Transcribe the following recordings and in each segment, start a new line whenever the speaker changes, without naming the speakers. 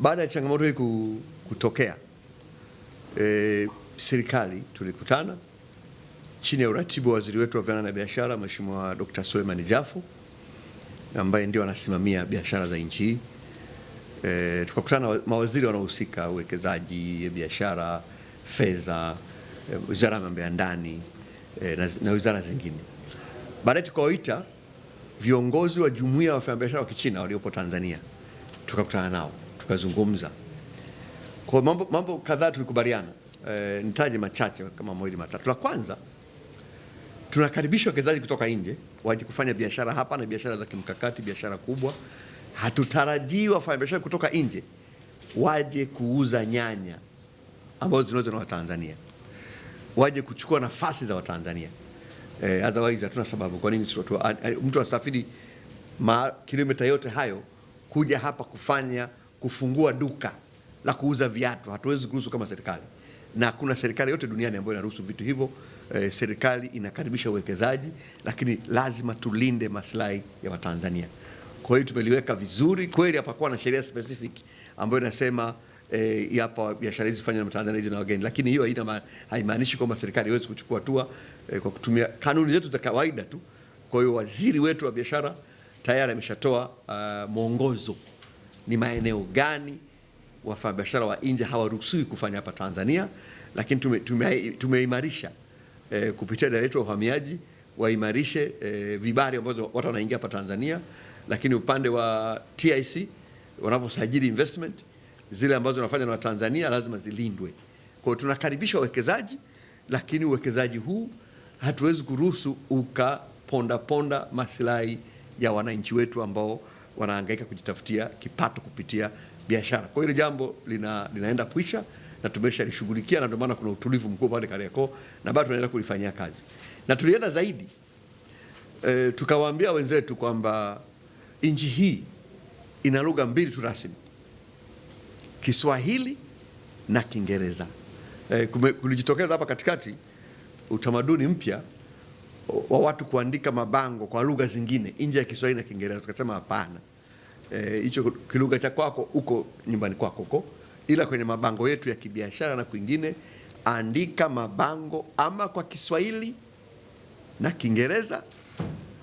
Baada ya changamoto hii kutokea, e, serikali tulikutana chini ya uratibu wa waziri wetu wa viwanda na biashara Mheshimiwa Dr. Suleiman Jafo ambaye ndio anasimamia biashara za nchi hii. E, tukakutana mawaziri wanaohusika uwekezaji, biashara, fedha, e, wizara ya mambo ya ndani e, na, na wizara zingine. Baadaye tukawaita viongozi wa jumuiya ya wafanyabiashara wa Kichina waliopo Tanzania tukakutana nao tukazungumza kwa mambo, mambo kadhaa tulikubaliana. E, nitaje machache kama mawili matatu. La kwanza tunakaribisha wawekezaji kutoka nje waje kufanya biashara hapa na biashara za kimkakati, biashara kubwa. Hatutarajii wafanyabiashara kutoka nje waje kuuza nyanya ambazo zinauzwa na Watanzania, waje kuchukua nafasi za Watanzania. E, otherwise hatuna sababu kwa nini mtu asafiri kilomita yote hayo kuja hapa kufanya kufungua duka la kuuza viatu, hatuwezi kuruhusu kama serikali, na kuna serikali yote duniani ambayo inaruhusu vitu hivyo. Eh, serikali inakaribisha uwekezaji, lakini lazima tulinde maslahi ya Watanzania. Kwa hiyo tumeliweka vizuri kweli, hapakuwa na sheria specific ambayo inasema E, hapa biashara hizi fanya na Tanzania hizi na wageni, lakini hiyo haina haimaanishi kwamba serikali haiwezi kuchukua hatua e, kwa kutumia kanuni zetu za kawaida tu. Kwa hiyo waziri wetu wa biashara tayari ameshatoa uh, mwongozo ni maeneo gani wafanyabiashara wa nje hawaruhusiwi kufanya hapa Tanzania, lakini tumeimarisha tume, tume eh, kupitia idara yetu ya uhamiaji waimarishe eh, vibari ambazo watu wanaingia hapa Tanzania, lakini upande wa TIC wanaposajili investment zile ambazo wanafanya na Watanzania lazima zilindwe. Kwa hiyo tunakaribisha uwekezaji, lakini uwekezaji huu hatuwezi kuruhusu ukapondaponda maslahi ya wananchi wetu ambao wanahangaika kujitafutia kipato kupitia biashara. Kwa hiyo jambo lina, linaenda kuisha na tumeshalishughulikia na ndio maana kuna utulivu mkubwa pale Kariakoo na bado tunaendelea kulifanyia kazi. Na tulienda zaidi e, tukawaambia wenzetu kwamba nchi hii ina lugha mbili tu rasmi, Kiswahili na Kiingereza. E, kulijitokeza hapa katikati utamaduni mpya wa watu kuandika mabango kwa lugha zingine nje ya Kiswahili na Kiingereza. Tukasema hapana, eh, hicho e, kilugha cha kwako huko nyumbani kwako huko, ila kwenye mabango yetu ya kibiashara na kwingine, andika mabango ama kwa Kiswahili na Kiingereza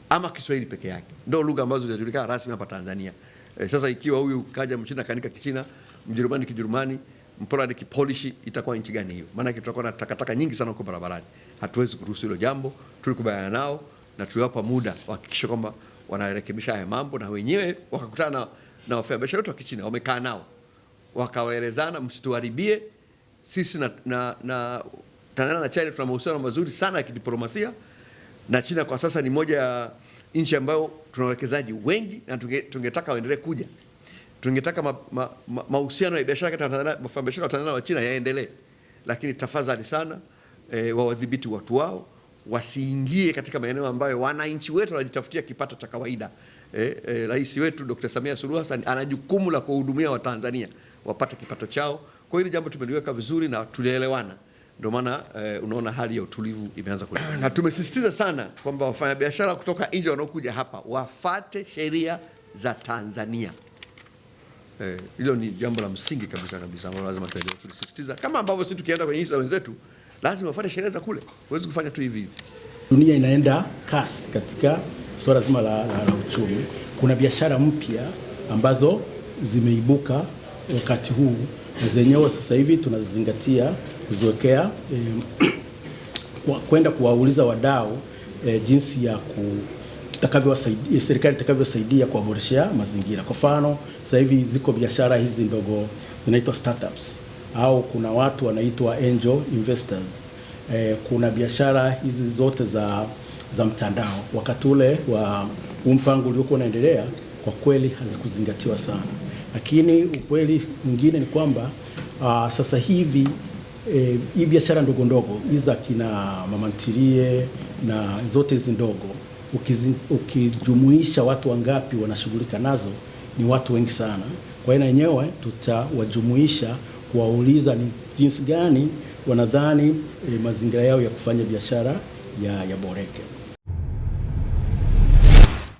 ama Kiswahili peke yake, ndio lugha ambazo zinajulikana rasmi hapa Tanzania. E, sasa ikiwa huyu kaja Mchina kaandika Kichina, Mjerumani Kijerumani Poland kipolishi itakuwa nchi gani hiyo? Maanake tutakuwa na takataka nyingi sana huko barabarani. Hatuwezi kuruhusu hilo jambo. Tulikubaliana nao na tuliwapa muda wahakikishe kwamba wanarekebisha haya mambo, na wenyewe wakakutana na, na wafanyabiashara wetu wa Kichina, wamekaa nao wakawaelezana, msituharibie sisi na, na, na Tanzania na China tuna mahusiano mazuri sana ya kidiplomasia na China kwa sasa ni moja ya nchi ambayo tuna wawekezaji wengi na tungetaka tunge waendelee kuja tungetaka mahusiano ma, ma, ya biashara kati ya wafanyabiashara wa Tanzania na China yaendelee, lakini tafadhali sana e, wawadhibiti watu wao wasiingie katika maeneo ambayo wananchi wetu wanajitafutia kipato cha kawaida. E, e, Rais wetu Dr. Samia Suluhu Hassan ana jukumu la kuwahudumia Watanzania wapate kipato chao. Kwa hiyo jambo tumeliweka vizuri na tulielewana, ndio maana e, unaona hali ya utulivu imeanza ku na tumesisitiza sana kwamba wafanyabiashara kutoka nje wanaokuja hapa wafate sheria za Tanzania. Eh, hilo eh, ni jambo la msingi kabisa kabisa ambalo lazima tuendelee kulisisitiza, kama ambavyo sisi tukienda kwenye nchi za wenzetu lazima wafanye sherehe za kule, huwezi kufanya tu hivi hivi.
Dunia inaenda kasi katika suala zima la, la, la uchumi. Kuna biashara mpya ambazo zimeibuka wakati huu na zenyewe sasa hivi tunazizingatia kuziwekea eh, kwenda kuwauliza wadau eh, jinsi ya ku itakavyowasaidia serikali itakavyosaidia kuwaboreshea mazingira. Kwa mfano, sasa hivi ziko biashara hizi ndogo zinaitwa startups au kuna watu wanaitwa angel investors. e, kuna biashara hizi zote za za mtandao. Wakati ule wa mpango uliokuwa unaendelea, kwa kweli hazikuzingatiwa sana, lakini ukweli mwingine ni kwamba aa, ah, sasa hivi e, hii biashara ndogo ndogo hizi za kina mamantirie na zote hizi ndogo ukizi, ukijumuisha watu wangapi wanashughulika nazo, ni watu wengi sana. Kwa hiyo na wenyewe tutawajumuisha kuwauliza ni jinsi gani wanadhani e, mazingira yao ya kufanya biashara ya yaboreke.